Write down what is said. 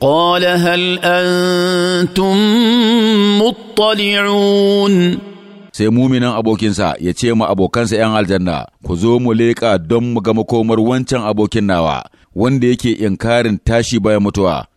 قال هل أنتم مطلعون sai muminan abokinsa ya ce ma abokansa ‘yan aljanna, ku zo mu leƙa don mu ga makomar wancan abokin nawa, wanda yake inkarin tashi bayan mutuwa.